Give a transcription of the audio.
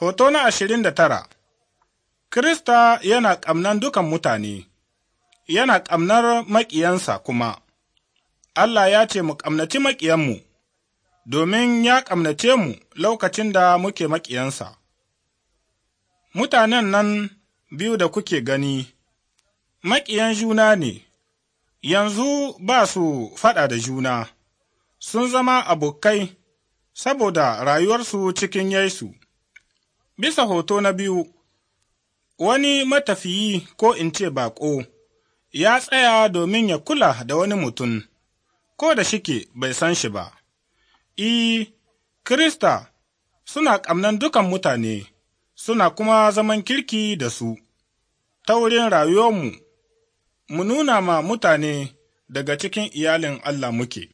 Hoto na ashirin da tara Kirista yana ƙamnan dukan mutane, yana ƙamnar maƙiyansa kuma, Allah ya ce mu ƙamnaci maƙiyanmu, domin ya ƙamnace mu lokacin da muke maƙiyansa. Mutanen nan biyu da kuke gani, maƙiyan juna ne, yanzu ba su faɗa da juna, sun zama abokai saboda rayuwarsu cikin Yesu. Bisa hoto na biyu, wani matafiyi ko in ce baƙo, ya tsaya domin ya kula da wani mutum, ko da shike bai san shi ba. I, Kirista suna ƙamnan dukan mutane, suna kuma zaman kirki da su, ta wurin rayuwarmu, mu nuna ma mutane daga cikin iyalin Allah muke.